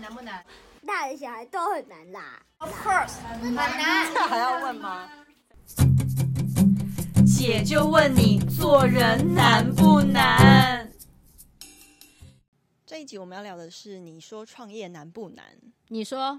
難不難？大人小孩都很難啦。Of course，很難。這還要問嗎？姐就問你，做人難不難？這一集我們要聊的是，你說創業難不難？你說？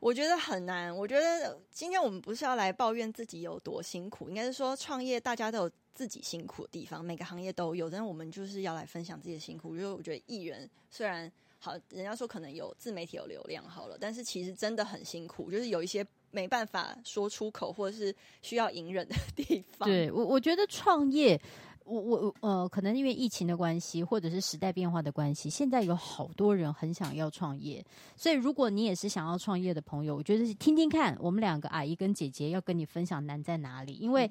我覺得很難。我覺得今天我們不是要來抱怨自己有多辛苦，應該是說，創業大家都有自己辛苦的地方，每個行業都有。但是我們就是要來分享自己的辛苦。因為我覺得藝人雖然。好，人家說可能有自媒體有流量好了，但是其實真的很辛苦，就是有一些沒辦法說出口或者是需要隱忍的地方。對我，我覺得創業，我我呃，可能因為疫情的關係，或者是時代變化的關係，現在有好多人很想要創業。所以如果你也是想要創業的朋友，我覺得是聽聽看，我們兩個阿姨跟姐姐要跟你分享難在哪裡。因為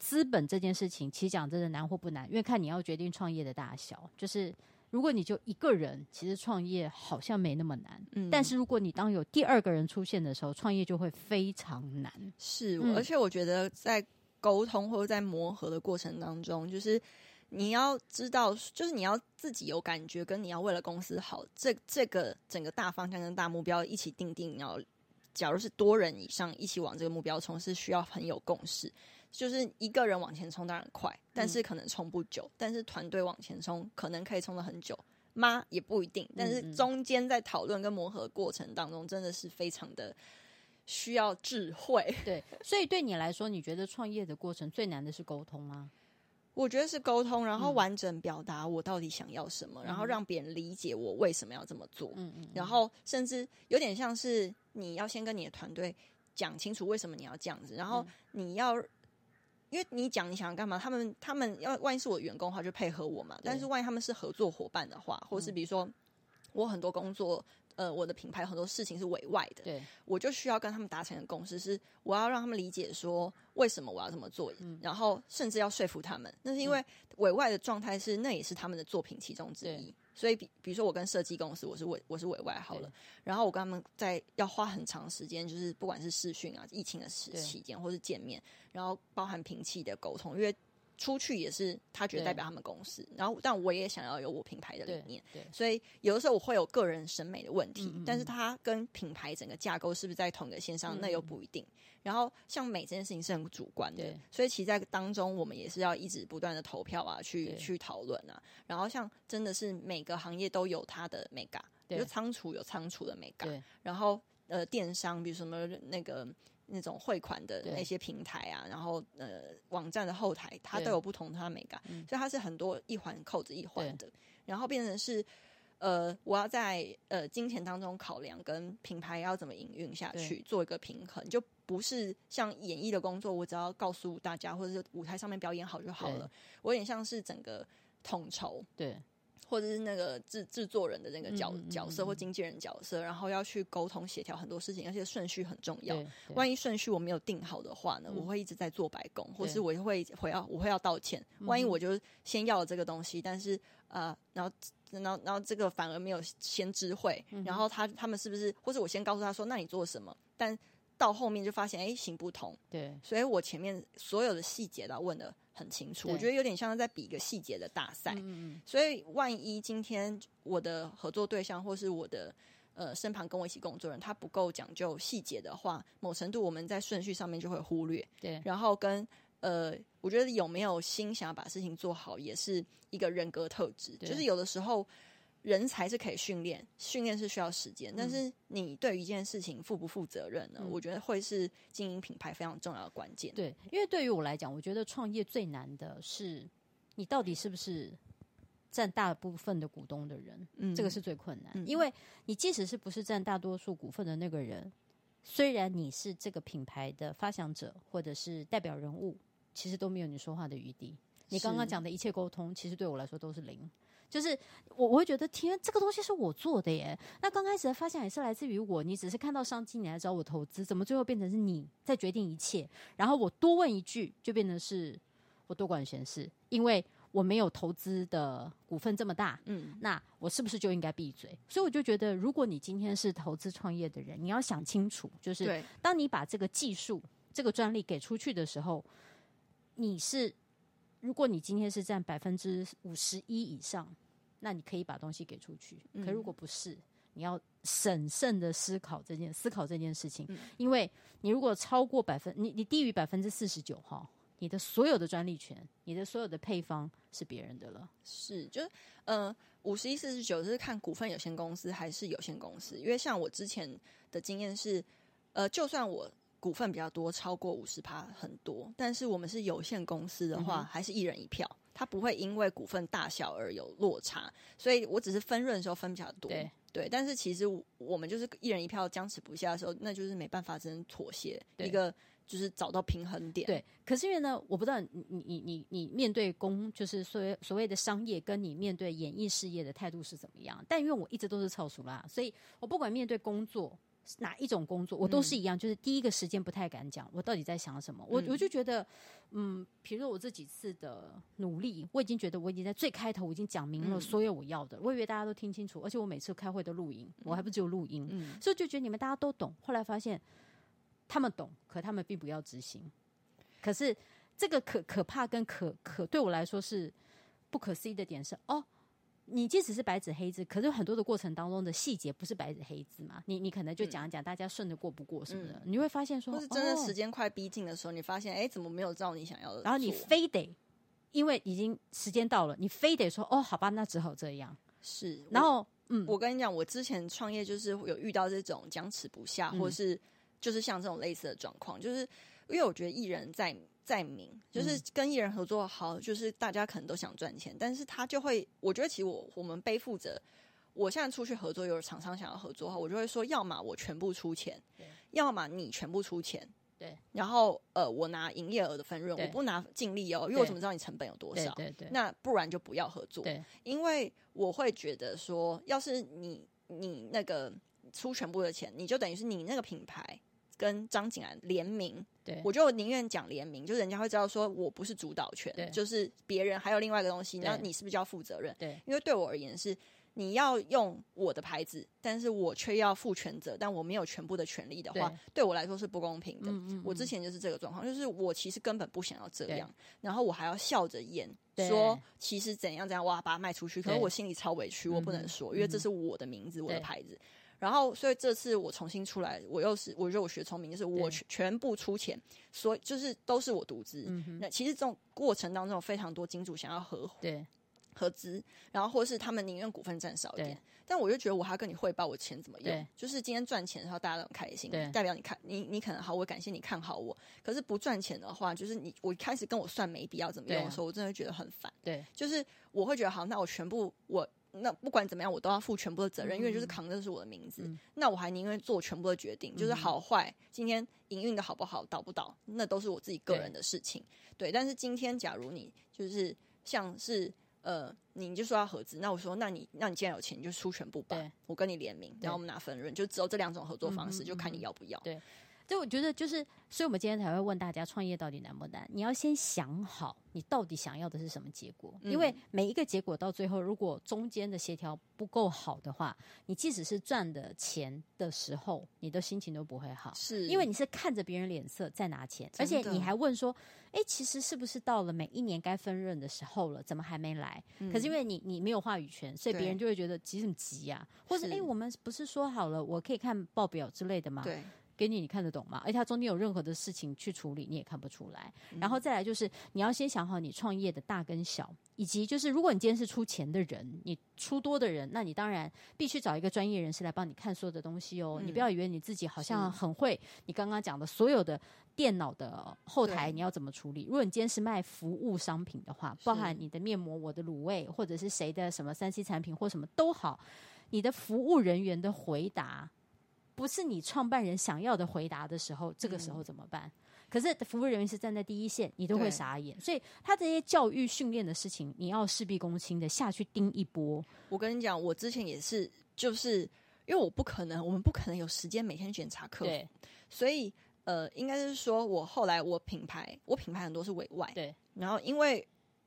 資本這件事情，其實講真的難或不難，因為看你要決定創業的大小，就是。如果你就一個人，其實創業好像沒那麼難。嗯，但是如果你當有第二個人出現的時候，創業就會非常難。是，嗯，而且我覺得在溝通或者在磨合的過程當中，就是你要知道，就是你要自己有感覺，跟你要為了公司好，這這個整個大方向跟大目標一起定定。然後，假如是多人以上一起往這個目標衝，是需要很有共識。就是一個人往前衝，當然快，但是可能衝不久；嗯、但是團隊往前衝，可能可以衝的很久，嗎也不一定。但是中間在討論跟磨合過程當中，真的是非常的需要智慧。對，所以對你來說，你覺得創業的過程最難的是溝通嗎？我覺得是溝通，然後完整表達我到底想要什麼，嗯、然後讓別人理解我為什麼要這麼做。嗯嗯。然後甚至有點像是你要先跟你的團隊講清楚為什麼你要這樣子，然後你要。因為你講你想要幹嘛，他們他們要萬一是我的員工的話，就配合我嘛。但是萬一他們是合作夥伴的話，或是比如說我很多工作，呃，我的品牌很多事情是委外的，對，我就需要跟他們達成一個共識是，是我要讓他們理解說為什麼我要這麼做，嗯，然後甚至要說服他們。那是因為委外的狀態是那也是他們的作品其中之一。所以比，比比如說，我跟設計公司，我是我我是委外好了，然後我跟他們在要花很長時間，就是不管是視訊啊、疫情的時期間，或是見面，然後包含平氣的溝通，因為。出去也是，他覺得代表他們公司，然後但我也想要有我品牌的理念，對對，所以有的時候我會有個人審美的問題，嗯嗯嗯但是它跟品牌整個架構是不是在同一個線上，嗯嗯那又不一定。然後像美這件事情是很主觀的，對，所以其實在當中我們也是要一直不斷的投票啊，去去討論啊。然後像真的是每個行業都有它的美感，就是有倉儲有倉儲的美感，然後。呃，電商，比如什麼那個、那個、那種匯款的那些平台啊，然後呃網站的後台，它都有不同的美感，所以它是很多一環扣着一環的，然後變成是呃我要在呃金錢當中考量，跟品牌要怎麼營運下去做一個平衡，就不是像演藝的工作，我只要告訴大家或者是舞台上面表演好就好了，我有點像是整個統籌。對。或者是那個製製作人的那個角角色、或經紀人角色，然後要去溝通協調很多事情，而且順序很重要。萬一順序我沒有定好的話呢？我會一直在做白工，或是我會回要我會要道歉。萬一我就先要了這個東西，但是呃，然後然後然後這個反而沒有先知會，然後他他們是不是，或是我先告訴他說，那你做什麼？但到後面就發現哎、欸，行不通。對，所以我前面所有的細節都問的。很清楚，我覺得有點像是在比一個細節的大賽，嗯嗯嗯，所以萬一今天我的合作對象或是我的呃身旁跟我一起工作人他不夠講究細節的話，某程度我們在順序上面就會忽略。對，然後跟呃，我覺得有沒有心想要把事情做好，也是一個人格特質，就是有的時候。人才是可以訓練，訓練是需要時間，但是你對於一件事情負不負責任呢、嗯？我覺得會是經營品牌非常重要的關鍵。對，因為對於我來講，我覺得創業最難的是你到底是不是佔大部分的股東的人，嗯、這個是最困難、嗯。因為你即使是不是佔大多數股份的那個人、嗯，雖然你是這個品牌的發想者或者是代表人物，其實都沒有你說話的餘地。你剛剛講的一切溝通，其實對我來說都是零。就是我我會覺得天，這個東西是我做的耶。那剛開始的發現也是來自於我，你只是看到商機，你來找我投資，怎麼最後變成是你在決定一切？然後我多問一句，就變成是我多管閒事，因為我沒有投資的股份這麼大。嗯，那我是不是就應該閉嘴？所以我就覺得，如果你今天是投資創業的人，你要想清楚，就是當你把這個技術、這個專利給出去的時候，你是如果你今天是佔百分之五十一以上。那你可以把東西給出去，嗯、可如果不是，你要審慎的思考這件思考這件事情、嗯，因為你如果超過百分，你你低於百分之四十九，哈，你的所有的專利權，你的所有的配方是別人的了。是，就是呃，五十一四十九就是看股份有限公司還是有限公司，因為像我之前的經驗是，呃，就算我。股份比較多，超過五十趴很多，但是我們是有限公司的話，嗯，還是一人一票，它不會因為股份大小而有落差，所以我只是分潤的時候分比較多，對，對，但是其實我們就是一人一票僵持不下的時候，那就是沒辦法只能妥協，一個就是找到平衡點。對，可是因為呢，我不知道你你你你面對工就是所謂所謂的商業，跟你面對演藝事業的態度是怎麼樣？但因為我一直都是湊數啦，所以我不管面對工作，哪一種工作我都是一樣、嗯，就是第一個時間不太敢講，我到底在想什麼？嗯、我我就覺得，嗯，譬如說我這幾次的努力，我已經覺得我已經在最開頭，我已經講明了所有我要的、嗯，我以為大家都聽清楚，而且我每次開會都錄音，我還不只有錄音、嗯，所以就覺得你們大家都懂。後來發現他們懂，可他們並不要執行。可是這個可可怕跟可可對我來說是不可思議的點是哦。你即使是白紙黑字，可是很多的過程當中的細節不是白紙黑字嘛？你你可能就講講大家順着過不過什麼的，嗯、你會發現說，或是真的時間快逼近的時候，哦、你發現哎、欸，怎麼沒有照你想要的？然後你非得，因為已經時間到了，你非得說哦，好吧，那只好這樣。是，然後嗯，我跟你講，我之前創業就是有遇到這種僵持不下，嗯、或是就是像這種類似的狀況，就是因為我覺得藝人，在。在明就是跟藝人合作好，嗯，就是大家可能都想賺錢，但是他就會，我覺得其實我我們背負着，我現在出去合作，有廠商想要合作好，我就會說，要麼我全部出錢，要麼你全部出錢，對，然後呃，我拿營業額的分潤，我不拿淨利哦，因為我怎麼知道你成本有多少？對對，對，那不然就不要合作對，因為我會覺得說，要是你你那個出全部的錢，你就等於是你那個品牌。跟張景蘭聯名，對我就寧願講聯名，就人家會知道說我不是主導權，就是別人還有另外一個東西，那你是不是就要負責任？因為對我而言是你要用我的牌子，但是我卻要負全責，但我沒有全部的權利的話，對，對我來說是不公平的。嗯嗯嗯，我之前就是這個狀況，就是我其實根本不想要這樣，然後我還要笑着演說，其實怎樣怎樣，哇，把它賣出去，可是我心裡超委屈，我不能說，因為這是我的名字，我的牌子。然後，所以這次我重新出來，我又是我覺得我學聰明，就是我全、全部出錢，所以就是都是我獨資。那、嗯、其實這種過程當中，非常多金主想要合夥、合資，然後或是他們寧願股份占少一點。但我就覺得，我還要跟你匯報我錢怎麼用。就是今天賺錢，然後大家都很開心，對代表你看你你可能好，我感謝你看好我。可是不賺錢的話，就是你我一開始跟我算沒必要怎麼用的時候、啊，我真的覺得很煩。對，就是我會覺得好，那我全部我。那不管怎麼樣，我都要負全部的責任，嗯，因為就是扛的是我的名字。嗯、那我還寧願做全部的決定，嗯、就是好壞，今天營運的好不好，倒不倒，那都是我自己個人的事情。對，對但是今天假如你就是像是呃，你就說要合資，那我說，那你那你既然有錢，你就出全部吧，我跟你聯名，然後我們拿分潤，就只有這兩種合作方式，嗯嗯嗯，就看你要不要。對。所以我覺得就是，所以我們今天才會問大家，創業到底難不難？你要先想好，你到底想要的是什麼結果，嗯？因為每一個結果到最後，如果中間的協調不夠好的話，你即使是賺的錢的時候，你的心情都不會好。是因為你是看着別人臉色在拿錢，而且你還問說：“哎、欸，其實是不是到了每一年該分潤的時候了？怎麼還沒來？”嗯、可是因為你你沒有話語權，所以別人就會覺得急什麼急呀、啊。或者哎、欸，我們不是說好了，我可以看報表之類的嗎？對。給你你看得懂嗎？而且它中間有任何的事情去處理，你也看不出來、嗯。然後再來就是，你要先想好你創業的大跟小，以及就是，如果你今天是出錢的人，你出多的人，那你當然必須找一個專業人士來幫你看所有的東西哦、嗯。你不要以為你自己好像很會。你剛剛講的所有的電腦的後台你要怎麼處理？如果你今天是賣服務商品的話，包含你的面膜、我的滷味，或者是誰的什麼三 C 產品或什麼都好，你的服務人員的回答。不是你創辦人想要的回答的時候，這個時候怎麼辦？嗯。可是服務人員是站在第一線，你都會傻眼。所以他這些教育訓練的事情，你要事必躬親的下去盯一波。我跟你講，我之前也是，就是因為我不可能，我們不可能有時間每天檢查課。對。所以呃，應該是說我後來我品牌，我品牌很多是委外，對。然後因為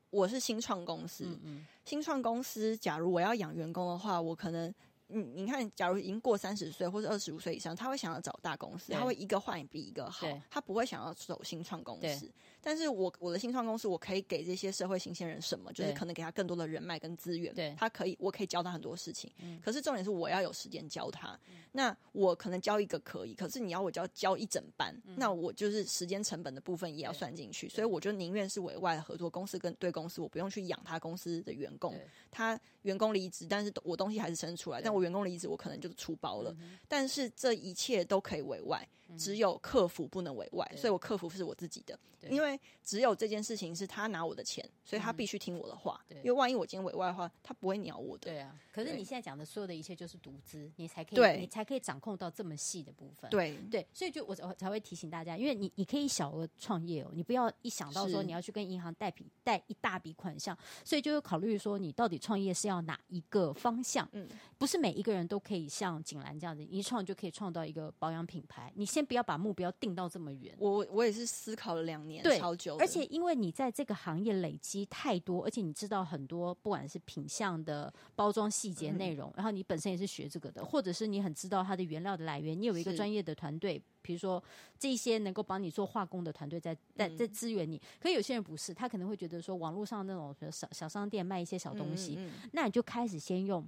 我是新創公司，嗯嗯新創公司，假如我要養員工的話，我可能。你你看，假如已經過三十歲或者二十五歲以上，他會想要找大公司，他會一個換比一個好，他不會想要走新創公司。但是我我的新創公司，我可以給這些社會新鮮人什麼？就是可能給他更多的人脈跟資源對，他可以，我可以教他很多事情。可是重點是，我要有時間教他、嗯。那我可能教一個可以，可是你要我教教一整班、嗯，那我就是時間成本的部分也要算進去。所以我就寧願是委外合作公司跟對公司，我不用去養他公司的員工，他員工離職，但是我東西還是生出來，但。我員工離職，我可能就出包了、嗯，但是這一切都可以委外。只有客服不能委外、嗯，所以我客服是我自己的，因為只有這件事情是他拿我的錢，所以他必須聽我的話、嗯對。因為萬一我今天委外的話，他不會鳥我的。對啊，對可是你現在講的所有的一切就是獨資，你才可以，你才可以掌控到這麼細的部分。對對，對，所以就我我才會提醒大家，因為你你可以小額創業哦，你不要一想到說你要去跟銀行貸筆貸一大筆款項，所以就會考慮說你到底創業是要哪一個方向。嗯，不是每一個人都可以像錦蘭這樣子，一創就可以創造一個保養品牌。你先。不要把目標定到這麼遠。我我我也是思考了兩年，對，超久的。而且因為你在這個行業累積太多，而且你知道很多，不管是品相的包、包裝細節、內容，然後你本身也是學這個的，或者是你很知道它的原料的來源，你有一個專業的團隊，比如說這一些能夠幫你做化工的團隊在在在支援你。嗯、可有些人不是，他可能會覺得說網絡上那種小小商店賣一些小東西嗯嗯嗯，那你就開始先用，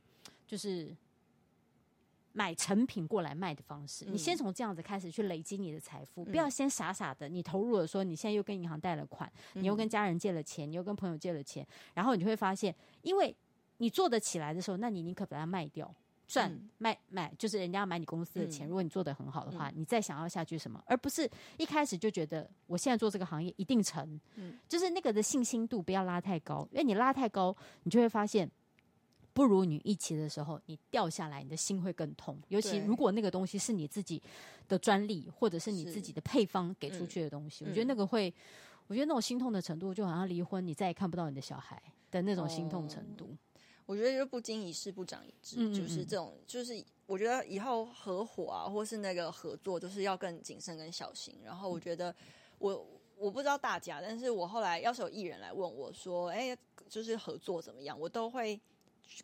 就是。買成品過來賣的方式，你先從這樣子開始去累積你的財富，嗯、不要先傻傻的，你投入了說你現在又跟銀行貸了款，嗯，你又跟家人借了錢，你又跟朋友借了錢，然後你就會發現，因為你做得起來的時候，那你寧可把它賣掉，賺，嗯、賣賣就是人家要買你公司的錢，嗯。如果你做得很好的話，嗯，你再想要下去什麼，而不是一開始就覺得我現在做這個行業一定成，就是那個的信心度不要拉太高，因為你拉太高，你就會發現。不如你一起的時候，你掉下來，你的心會更痛。尤其如果那個東西是你自己的專利，或者是你自己的配方給出去的東西、嗯，我覺得那個會，我覺得那種心痛的程度，就好像離婚，你再也看不到你的小孩的那種心痛程度。哦、我覺得就不經一事不長一智、嗯嗯嗯，就是這種，就是我覺得以後合夥啊，或是那個合作，都是要更謹慎跟小心。然後我覺得我，我我不知道大家，但是我後來要是有藝人來問我說，哎、欸，就是合作怎麼樣，我都會。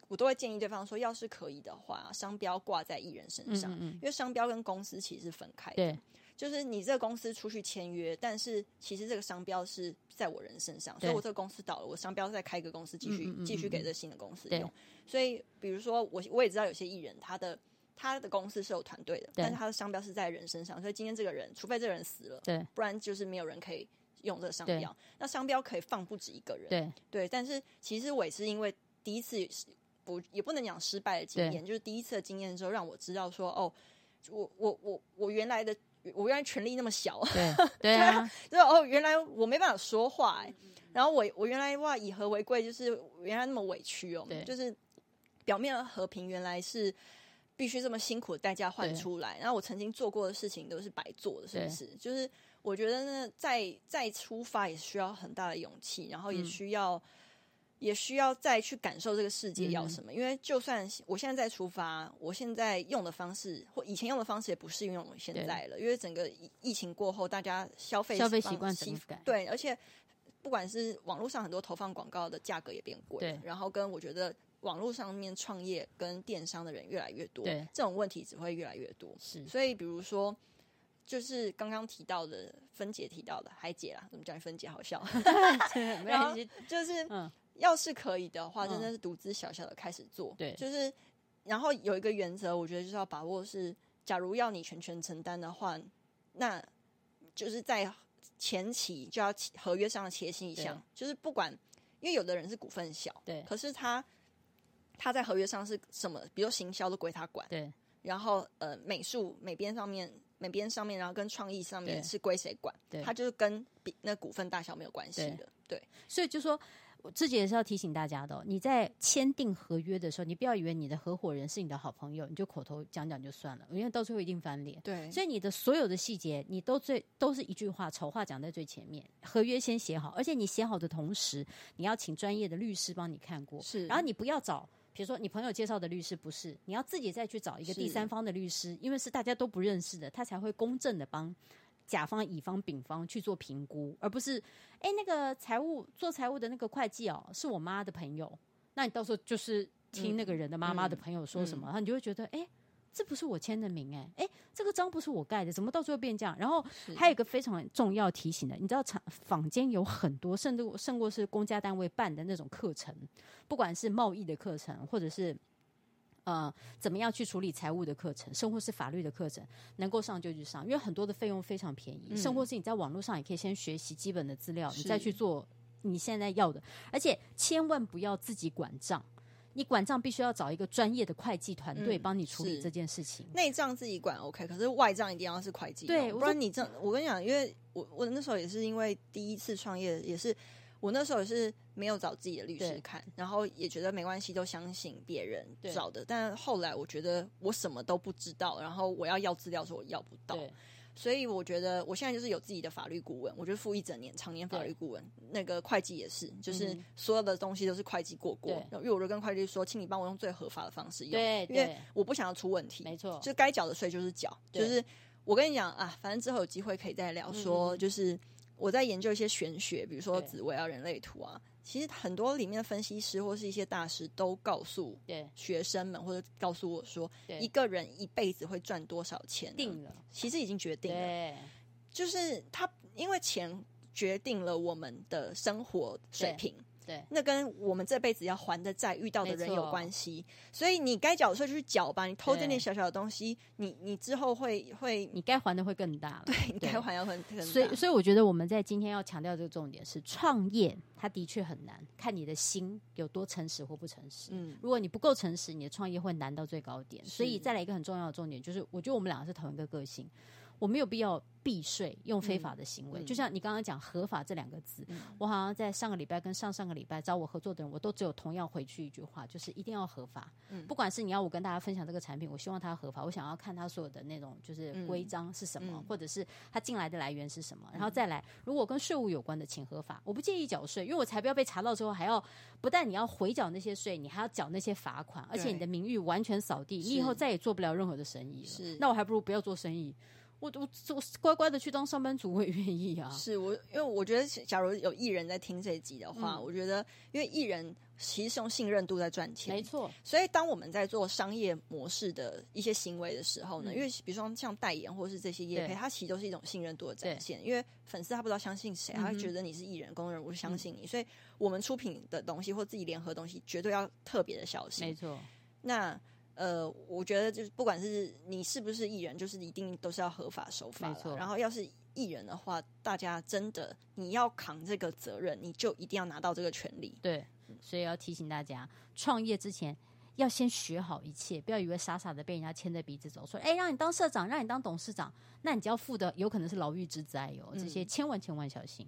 我都會建議對方說，要是可以的話，商標掛在藝人身上，因為商標跟公司其實是分開的。就是你這個公司出去簽約，但是其實這個商標是在我人身上，所以我這個公司倒了，我商標再開一個公司繼續繼續給這新的公司用。所以，比如說我我也知道有些藝人，他的他的公司是有團隊的，但是他的商標是在人身上，所以今天這個人，除非這個人死了，不然就是沒有人可以用這個商標。那商標可以放不止一個人，對。但是其實我也是因為。第一次不，不也不能講失敗的經驗，就是第一次的經驗之後，讓我知道說，哦，我我我我原來的我原來權力那麼小，對，對，啊，對啊，就哦，原來我沒辦法說話、欸，然後我我原來哇，以和為貴，就是原來那麼委屈哦、喔，就是表面和，和平原來是必須這麼辛苦的代價換出來，然後我曾經做過的事情都是白做的，是不是？就是我覺得呢，再再出發也需要很大的勇氣，然後也需要。嗯也需要再去感受這個世界要什麼，嗯，因為就算我現在在出發，我現在用的方式或以前用的方式也不適應用我現在了，因為整個疫情過後，大家消費習慣怎麼改？對，而且不管是網絡上很多投放廣告的價格也變貴，然後跟我覺得網絡上面創業跟電商的人越來越多，對，這種問題只會越來越多。是，所以比如說，就是剛剛提,提到的，芬姐提到的海姐啊，怎麼講？芬姐好笑，沒有，就是嗯。要是可以的話，真的是獨資小小的開始做。對，就是然後有一個原則，我覺得就是要把握是，假如要你全權承擔的話，那就是在前期就要合約上的切心一下。就是不管，因為有的人是股份小，對，可是他他在合約上是什麼，比如說行銷都歸他管，對。然後呃，美術美編上面，美編上面，然後跟創意上面是歸誰管？對，他就是跟比那股份大小沒有關係的。對，對，所以就說。我自己也是要提醒大家的哦，你在簽訂合約的時候，你不要以為你的合夥人是你的好朋友，你就口頭講講就算了，因為到最後一定翻臉。對，所以你的所有的細節，你都最都是一句話，醜話講在最前面，合約先寫好，而且你寫好的同時，你要請專業的律師幫你看過。是，然後你不要找，比如說你朋友介紹的律師不是，你要自己再去找一個第三方的律師，因為是大家都不認識的，他才會公正的幫。甲方、乙方、丙方，去做評估，而不是誒、欸、那個財務做財務的那個會計哦、喔，是我媽的朋友。那你到時候就是聽那個人的媽媽的朋友說什麼、嗯，然後你就會覺得，誒、欸，這不是我簽的名，、欸，誒、哎，這個章不是我蓋的，怎麼到最後變這樣？然後還有一個非常重要提醒的，你知道，廠坊間有很多，甚至勝過是公家單位辦的那種課程，不管是貿易的課程，或者是。呃，怎麼樣去處理財務的課程？甚或是法律的課程，能夠上就去上，因為很多的費用非常便宜。甚、嗯、或是你在網絡上也可以先學習基本的資料，你再去做你現在要的。而且千萬不要自己管賬，你管賬必須要找一個專業的會計團隊幫你處理這件事情。內賬自己管 OK，可是外賬一定要是會計，對，不然你這樣，我跟你講，因為我我那時候也是因為第一次創業也是。我那時候也是沒有找自己的律師看，然後也覺得沒關係，都相信別人找的。但後來我覺得我什麼都不知道，然後我要要資料的時候我要不到，所以我覺得我現在就是有自己的法律顧問，我就付一整年常年法律顧問。那個會計也是，就是所有的東西都是會計過過。因為我就跟會計說，請你幫我用最合法的方式用，因為我不想要出問題。沒錯，就該繳的稅就是繳。就是我跟你講啊，反正之後有機會可以再聊說，說就是。我在研究一些玄學，比如說紫微啊、人類圖啊。其實很多裡面的分析師或是一些大師都告訴學生們，或者告訴我說，一個人一輩子會賺多少錢、啊、定了，其實已經決定了。就是他，因為錢決定了我們的生活水平。對，那跟我們這輩子要還的債、遇到的人有關係，所以你該繳的時候就繳吧。你偷這點小小的東西，你你之後會會，你該還的會更大了。對，對，你該還要還。所以所以，我覺得我們在今天要強調這個重點是，創業它的確很難，看你的心有多誠實或不誠實。嗯，如果你不夠誠實，你的創業會難到最高點。所以再來一個很重要的重點，就是我覺得我們兩個是同一個個性。我沒有必要避稅，用非法的行為。嗯、就像你剛剛講“合法”這兩個字、嗯，我好像在上個禮拜跟上上個禮拜找我合作的人，我都只有同樣回去一句話，就是一定要合法。嗯、不管是你要我跟大家分享這個產品，我希望它合法。我想要看他所有的那種就是規章是什麼，嗯、或者是他進來的來源是什麼、嗯。然後再來，如果跟稅務有關的，請合法。我不介意繳稅，因為我才不要被查到之後，還要不但你要回繳那些稅，你還要繳那些罰款，而且你的名譽完全掃地，你以後再也做不了任何的生意了是。是，那我還不如不要做生意。我我乖乖的去當上班族，我也願意啊是。是我，因為我覺得，假如有藝人，在聽這一集的話，嗯、我覺得，因為藝人其實是用信任度在賺錢，沒錯。所以當我們在做商業模式的一些行為的時候呢，嗯、因為比如說像代言或是這些業配，它其實都是一種信任度的展現。因為粉絲他不知道相信誰，他會覺得你是藝人,人、工人、嗯、人、嗯、我相信你，所以我們出品的東西或自己聯合東西，絕對要特別的小心。沒錯。那。呃，我覺得就是，不管是你是不是藝人，就是一定都是要合法守法了。然後，要是藝人的話，大家真的你要扛這個責任，你就一定要拿到這個權利。對，所以要提醒大家，創、嗯、業之前要先學好一切，不要以為傻傻的被人家牽着鼻子走。說，哎、欸，讓你當社長，讓你當董事長，那你就要負的有可能是牢獄之災喲、哦。這些、嗯、千萬千萬小心。